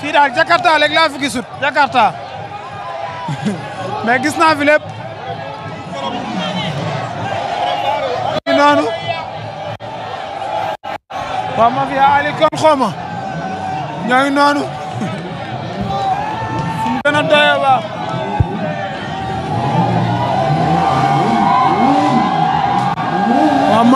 fii daal Jakarta léegi laa fi gisut Jakarta mais gis naa fi lépp noonu waaw ma fiya ali kon xoma ñoo ngi noonu su mu gën a doyoo baax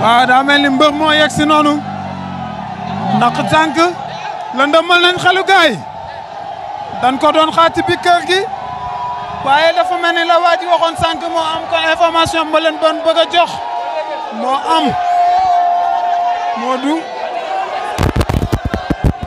waaw daa mel ni mbër moo yeg si noonu ndax tànk lëndëmal nañ xelu gaay ko doon xaati bi kër gi waaye dafa mel ni la waa ji waxoon sànq moo am ko information ba leen doon bëgg a jox moo am moo du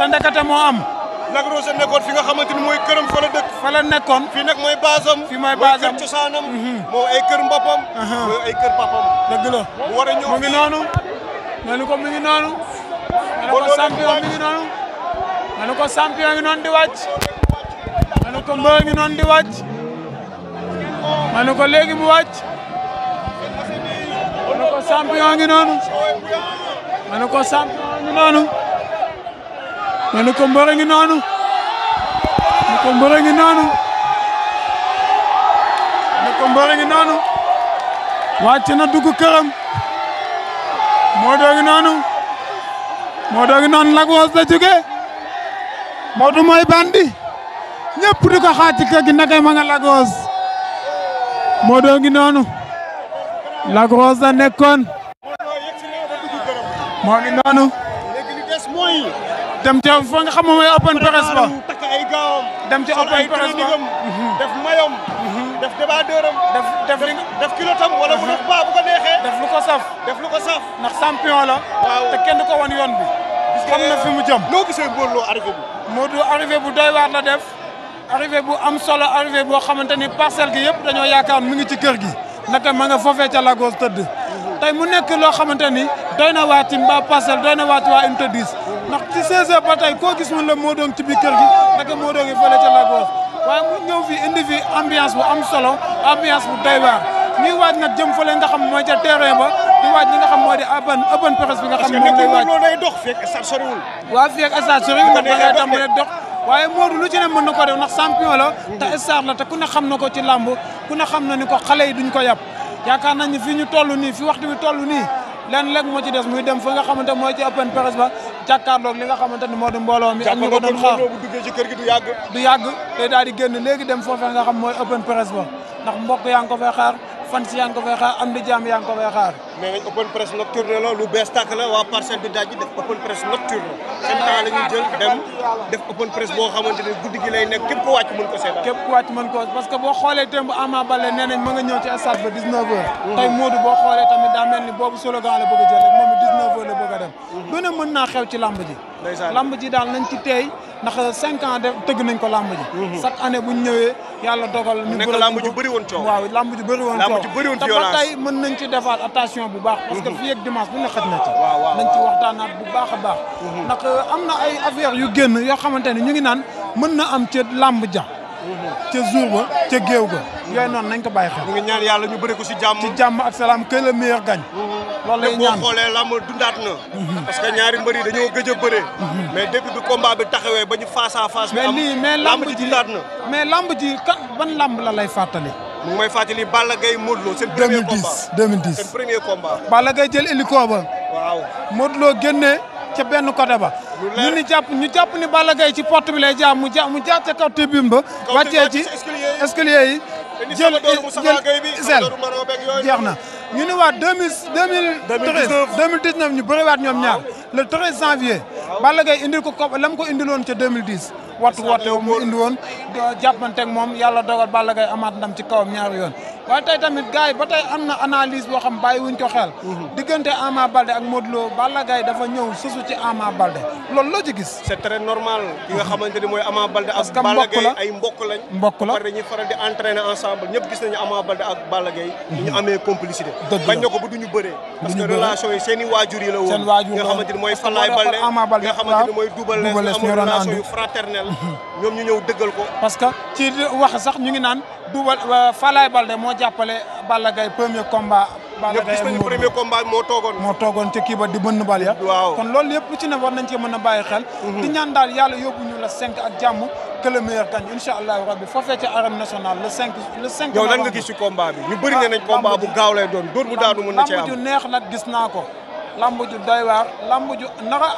te ndekete moo am. Lac Rose nekkoon fi nga xamante ni mooy këram fa la dëkk. fa nekkoon fii nag mooy baasam. fii mooy baasam mooy kër cosaanam. Mhm. moo ay kër mboppam. mu war a ñëw mu ngi noonu. nee na ko mi ngi noonu. nee ko champion mi ngi noonu. nee na ko champion ngi noonu di wàcc. nee na ko mbër ngi noonu di wàcc. nee ko léegi mu wàcc. nee na ko ngi noonu. nee ko champion ngi noonu. nee na ko mbër ngi noonu ne ko mbër noonu ne wàcc na dugg këram moo doo ngi noonu moo doo ngi noonu Lac Rose la jóge Modou bandi ñëpp di ko xaati gi naka ma nga Lac moo doo noonu Lac Rose la moo ngi noonu dem ca fa nga xam moom mooy open press ba takk ay gaawam dem ca open press ba mhm. def mayom mhm. def débat dërëm def def li def kilo tam wala bu def mhm. baa bu neexee def lu ko saf def lu la te kenn ko wan yoon bi xam na fi mu jëm noo gisee Modou Lo arrivé bu Modou Lo arrivé bu doy waar la def arrivé bu am solo arrivé boo xamante ni parcelle gi yëpp dañoo yaakaar mu ngi ci kër gi naka ma nga foofee ca Lagos tëdd tey mu nekk loo xamante ni doy na waa ci mbaa parcelle doy na waa waa unité 10 ndax ci 16h ba gis mun la moo doon ci biir kër gi naka moo doon fële ca waaye mu ñëw fi indi fi ambiance bu am solo ambiance bu doy waar ñuy waaj nag jëm fële nga xam mooy ca terrain ba di waaj ñi nga xam moo di urban urban presse bi nga xam moom lay waaj loolu lay dox fii ak stade soriwul waaw fii ak tam mën a dox lu ci ne na ko def ndax champion la te star xam na ko ci làmb ku ne xam na ni ko xale yi duñ ko yàpp yaakaar nañ ni fi ñu toll nii fi waxtu bi toll nii lenn léeg moo ci des muy dem fa nga xamante mooy moo open jàkkaarloog li nga xamante ni moo di mbooloo mi. ak ñu ko doon xaar bu duggee ci kër gi du yàgg. du yàgg day daal di génn léegi dem foofee nga xam mooy open press ba ndax mbokk yaa ngi ko fay xaar fans yaa ngi ko fay xaar am di jaam yaa ko fay xaar. mais open press nocturne la lu bees tàkk la waa parcelle bi daaj bi def open press nocturne seen temps la ñuy jël dem def open press boo xamante ne guddi gi lay nekk képp wàcc mën ko seetaan. képp ku wàcc mën ko parce que boo xoolee démb Ama Baldé nee nañ ma nga ñëw ci stade ba 19h. Mhm. tey Modou boo xoolee tamit daa mel ni boobu slogan la bëgg la bëgg dem. Mhm. lu ne naa xew ci lamb ji. lamb ji daal ndax cinq ans def tëgg nañ ko làmb ji mhm. chaque année bu ñu ñëwee yàlla dogal ñu nekk làmb ju bëri woon coow waaw làmb ju bëri woon coow mën nañ ci defaat attention bu baax parce que mhm. fii ak dimanche bu ne xaj na ci nañ ci waxtaanaat bu baax a baax mhm. ndax am na ay affaire yu génn yoo xamante ne ñu ngi naan mën na am ci làmb ja ca jour ba ca géew ga yooyu noonu nañ ko bàyyi xel ñu ngi ñaan yàlla ñu bëri ko jàmm ci jàmm ak salaam kay la meilleur gagne loolu lay ñaan boo xoolee lamb dundaat na parce que ñaari mbër yi dañoo gëj a bëree mais depuis bi combat bi taxawee ba ñu face à face mais lii mais lamb ji dundaat na mais lamb ji kan ban lamb la lay fàttali mu ngi may fàttali Balla Gaye Modou seen premier combat 2010 2010 jël hélico ba waaw Modou Lo génnee ca benn côté ba. ñu ni jàpp ñu jàpp ni Balla Gaye ci porte bi lay mu ja mu jaar ca kaw tribune ba. wàccee ci escalier yi. jël jël jeex na ñu ni waat deux mille deux mille. deux mille dix neuf ñu bëriwaat ñoom ñaar le treize janvier. Balla Gaye indil ko ko la mu ko indiloon ca deux mille dix. wattu woote mu indi woon jàppanteeg moom yàlla dogal Balla Gaye amaat ndam ci kawam ñaar yoon. waaye tey tamit gars yi ba tey am na analyse boo xam bàyyi wuñ ko xel mhm. diggante Ama Baldé ak Modou Lo Balla Gaye dafa ñëw susu ci Ama Baldé loolu loo ci gis c'est très normal ki nga mhm. xamante ni mooy Ama Baldé ak Balla Gaye ay mbokk lañ mbokk la dañuy faral di entraîner ensemble ñëpp gis nañu Ama Baldé ak Balla Gaye mhm. ñu amee complicité bañ na ko bu duñu bëree parce que relation yi seen i waajur yi la woon nga xamante ni mooy Falaye Baldé nga xamante ni mooy Double Less amoon relation yu fraternel ñoom ñu ñëw dëggal ko parce que ci wax sax ñu ngi naan Double euh, Falaye Baldé moo jàppale Balla Gaye premier combat. Balla Gaye ak premier moo toogoon. moo toogoon ca kii ba di bënn bal ya. waaw kon loolu yëpp lu ci ne war nañ cee mën a xel. Mhm. di ñaan daal yàlla yóbbu ñu la 5 ak jàmm. que le meilleur gagne incha allahu rabbi foofee ca arène nationale le 5 le 5. yow ñu bëri ne nañ combat bu gaaw lay doon dóor bu daanu mën na cee am lamb ju neex nag gis naa ko. lamb ju doy waar lamb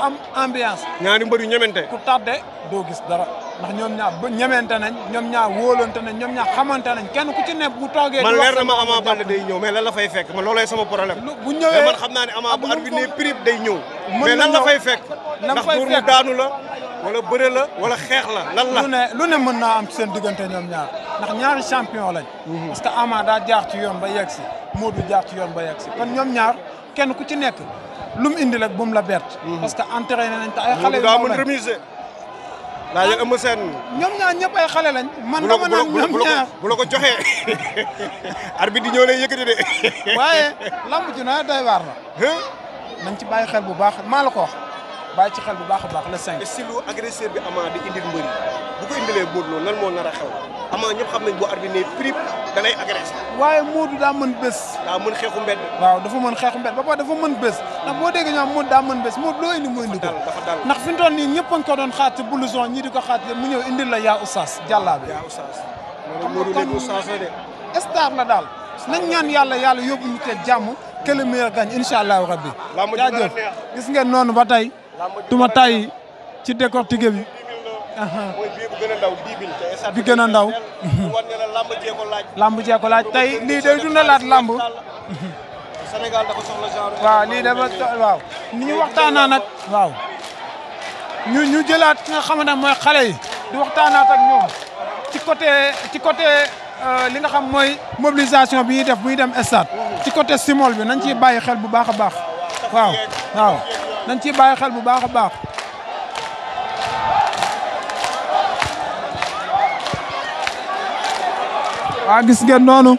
am ambiance. ñaari mbër yu ñemente. ku tardé doo gis dara. ndax ñoom ñaar ba ñemente nañ ñoom ñaar wóolante nañ ñoom ñaar xamante nañ kenn ku ci ne bu toogee. man leer na ma Ama Baldé day ñëw mais lan la fay fekk man loolooy sama problème. bu ñëwee man xam naa ne Ama bu arbitre ne prip day ñëw. mais lan la fay fekk. ndax pour mu daanu la wala bëre la wala xeex la lan la. lu ne lu ne mën naa am seen diggante ñoom ñaar ndax ñaari champion lañ. Mhm. parce que Ama daa jaar ci yoon ba yegg si du jaar ci yoon ba yegg si kon ñoom ñaar kenn ku ci nekk lu mu indi rek bu mu la bett. Mhm. que entraîné nañ te ay xale laa yëg Eumeu Sène ñoom ñaar ñëpp ay xale lañ man dama naan ñoom ñaar bu la ko joxee arbitre di ñëw lay yëkkati de waaye lamb ji na doy waar la nañ ci bàyyi xel bu baax maa la ko wax ci xel bu baax a baax le cinq si lu agresseur bi ama di indil mbëri bu ko indilee Modou Lo lan moo nar a xew ama ñëpp xam nañ boo arbitre ne prip da lay agressé. waaye Modou daa mën bés. daa mën xeexu mbedd. waaw dafa mën xeexu mbedd ba pare dafa mën bés ndax boo déggee ñoom Modou daa mën bés Modou loo indi mu indi ko. dafa dal nii ñëpp a ngi ko doon xaar ci blouson ñii di ko xaar mu ñëw indil la yaa Oustaz jàllaa yaa Oustaz Modou la daal nañ ñaan yàlla yàlla yóbbu te jàmm que le meilleur gagne incha allahu rabbi. jaajëf gis ngeen noonu ba tey. tuma tay ci décortiqué bi mooy bii bu gën bi gën a ndaw war ne la lamb jee ko laaj lamb jee ko laaj tey lii day dundalaat lamb Sénégal dafa soxla genre waaw lii dafa waaw ni ñu waxtaanaa nag waaw ñu ñu jëlaat ki nga xamante ne mooy xale yi di waxtaanaat ak ñoom ci côté ci côté euh, li nga xam mooy mobilisation bi ñuy def bu ñuy dem stade ci côté simol bi nañ ciy bàyyi xel bu baax a baax waaw waaw nañ ciy bàyyi xel bu baax a baax waa ah, gis ngeen noonu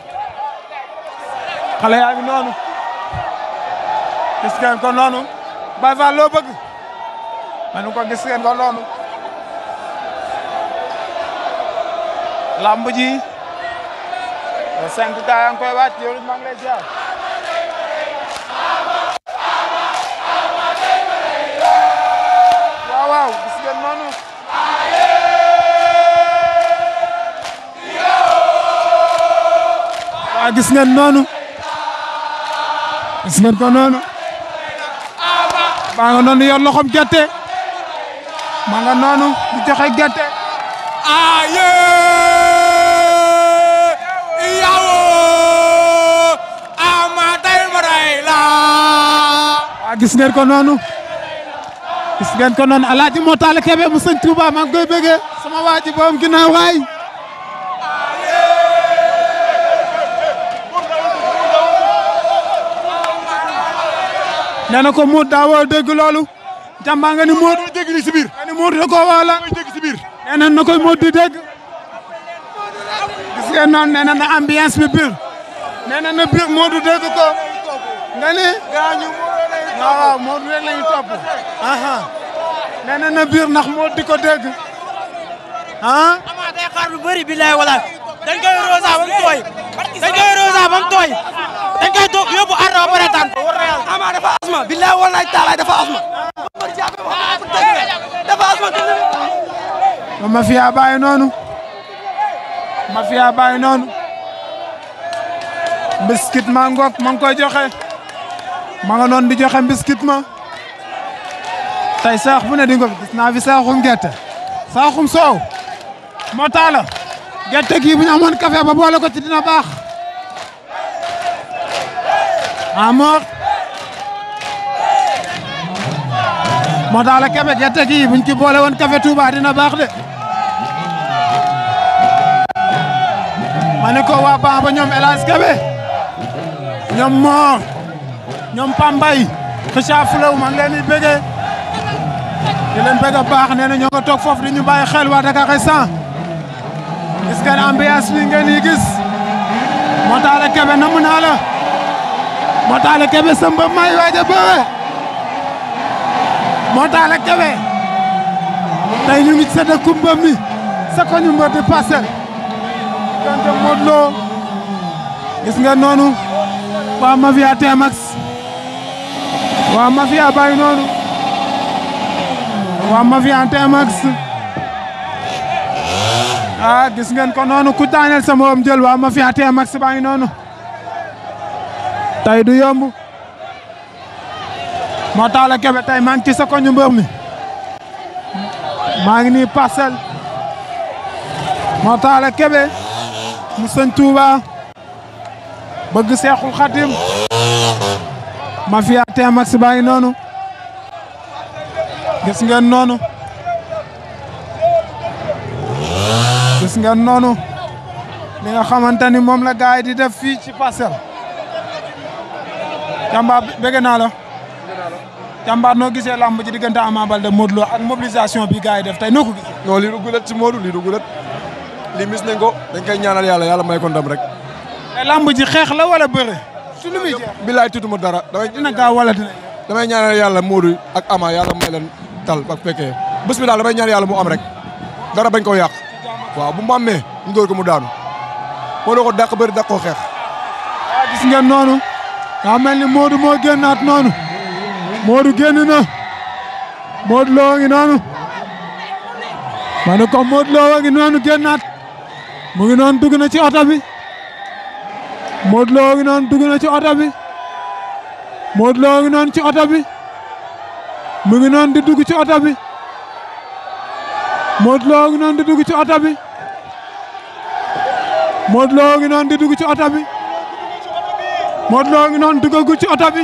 xale yaa ngi noonu gis ngeen ko noonu Baye Fall loo bëgg manu ko gis ngeen ko noonu lamb ji cinq gaa yaa ngi koy wàcc yow ah gis ngeen noonu gis ngeen ko noonu baa nga noonu yor loxom gerte maa nga noonu di joxe gerte aye iyawo ama day maray la waa gis ko noonu gis ngeen ko noonu alaaji moo taale kebe mu sëñ Tuuba maa ngi koy waaji boom ginnaaw waay nee na ko Modou daa war a loolu. jàmbaa nga ni Modou dégg ni si da dégg si biir. na koy Modou di dégg. gis ngeen noonu nee na na bi biir. nee na na biir Modou dégg ko. nga ni. waaw waaw Modou rek di ñu topp. nee na na biir ndax Modou di ko dégg. ah. ama day xaar ba mu tooy. dañ koy rosa ba mu tooy. dañ koy toog yóbbu ànd ba pare tànn. ama dafa asma billahi wallahi taala dafa asma dafa asma mafia bàyyi noonu mafia bàyyi noonu mbiskit ma ngoog ma ngi joxe ma noonu di joxe mbiskit ma tey saax bu ne di nga ko gis naa fi saaxum gerte saaxum soow moo taala gerte gi bu ñu amoon ba boole ko ci dina baax moo tax la kafe gerte gi buñ ci boole woon kafe Touba dina baax de. ma ne ko waa Bamba ñoom El Hadj Kébé ñoom Mor ñoom Pambay Kheucha Flow maa ngi leen di bëggee di a baax nee na ñoo nga toog di ñu xel waa Dakar instant gis ngeen ambiance bi ngeen di moo tax la Kébé namm naa moo tax la Kébé sa mbëb may waaj a moo tax la Kébé tey ñu ngi sedd kumba mi sa ko ñu mbër di Parcelles diggante gis nga noonu waa mafia Tmax waa mafia bàyyi noonu waa mafia Tmax ah gis ngeen ko noonu ku daaneel sama moom jël waa mafia Tmax baa ngi noonu tey du yomb moo tax la Kébé maa ngi ci sa ñu mbër mi maa ngi nii parcelle moo tax la mu sëñ Touba bëgg Seexul Xatim Mafia Tmax baa ngi noonu gis ngeen noonu gis ngeen noonu li nga xamante ni moom la gaay di def fii ci pasel jàmba bëgg naa la jàmbaar noo gisee làmb ji diggante Ama Baldé Modou Lo ak mobilisation bi gars yi def tey noo ko gisee. non lii du gulet ci Modou mis dañ koy ñaanal may ko ndam rek. ji la wala bëre. su lu muy jeex bilaay tutuma dara. damay dina gaaw wala dina. damay ñaanal yàlla Modou ak Ama yàlla may leen tal ak fekkee bés bi ñaan yàlla mu am rek dara bañ waaw bu mu ñu door ko mu daanu. Modou ko dàq bëri dàq koo xeex. gis Modou génn na Modou Lo ngi noonu ma ne ko Modou Lo ngi noonu génnaat mu ngi noonu dugg na ci oto bi Modou Lo ngi noonu dugg na ci oto bi Modou Lo ngi noonu ci oto bi mu ngi noonu di dugg ci oto bi Modou Lo ngi noonu di dugg ci oto bi Modou Lo ngi noonu di dugg ci oto bi Modou Lo ngi noonu duggagul ci oto bi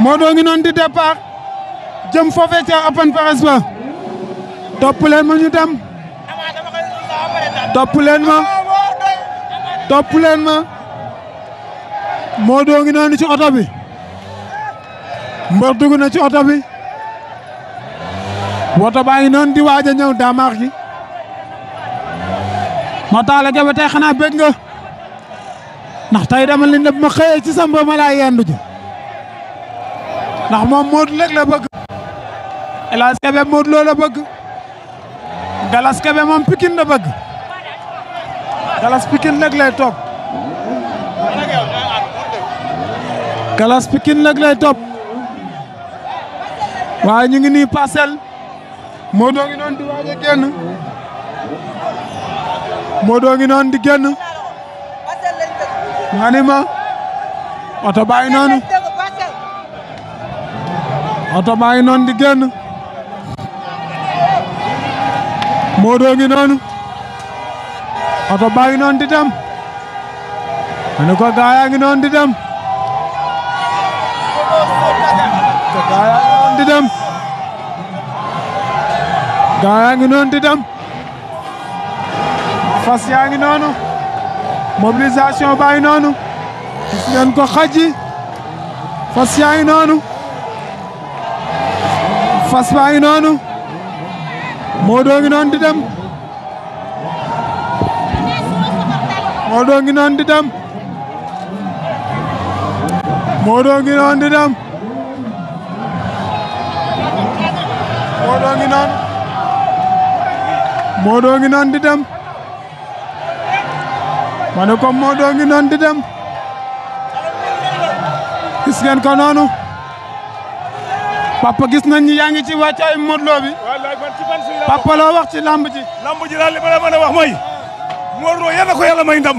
Modou ngi noon di départ jëm foofee ca open press ba topp leen ma ñu dem topp leen ma topp leen ma Modou ngi noonu ci oto bi mbër dugg na ci oto bi woto baa ngi noonu di waaj a ñëw daamaax gi moo tax la jafe xanaa bëgg nga ndax tey dama li ne ma xëyee ci sa mbër ma laa yendu ji ndax moom Modou rek la bëgg El Hadj Kébé Modou Lo bëgg Galas Kébé moom Pikine la bëgg Galas Pikine rek lay topp Galas Pikine rek lay topp waaye ñu ngi nii parcelle Modou ngi noonu di waaj a génn Modou ngi di génn ma ni ma oto baa ngi noonu oto baa ngi noonu di génn noonu oto baa ngi noonu di dem mene ko yaa ngi noonu di dem ngi noonu di dem yaa ngi noonu di dem noonu mobilisation baa ngi noonu gis ngeen ko noonu fas baa ngi noonu Modou ngi noonu di dem Modou ngi noonu di dem Modou ngi noonu di dem ngi noonu Modou di dem ma ne ko Modou ngi noonu di dem gis ngeen ko noonu papa gis nañ ni yaa ngi ci wàccaay Modou Lo bi. papa loo wax ci lamb ji. lamb ji daal a wax mooy. Modou Lo yal na ko yàlla may ndam.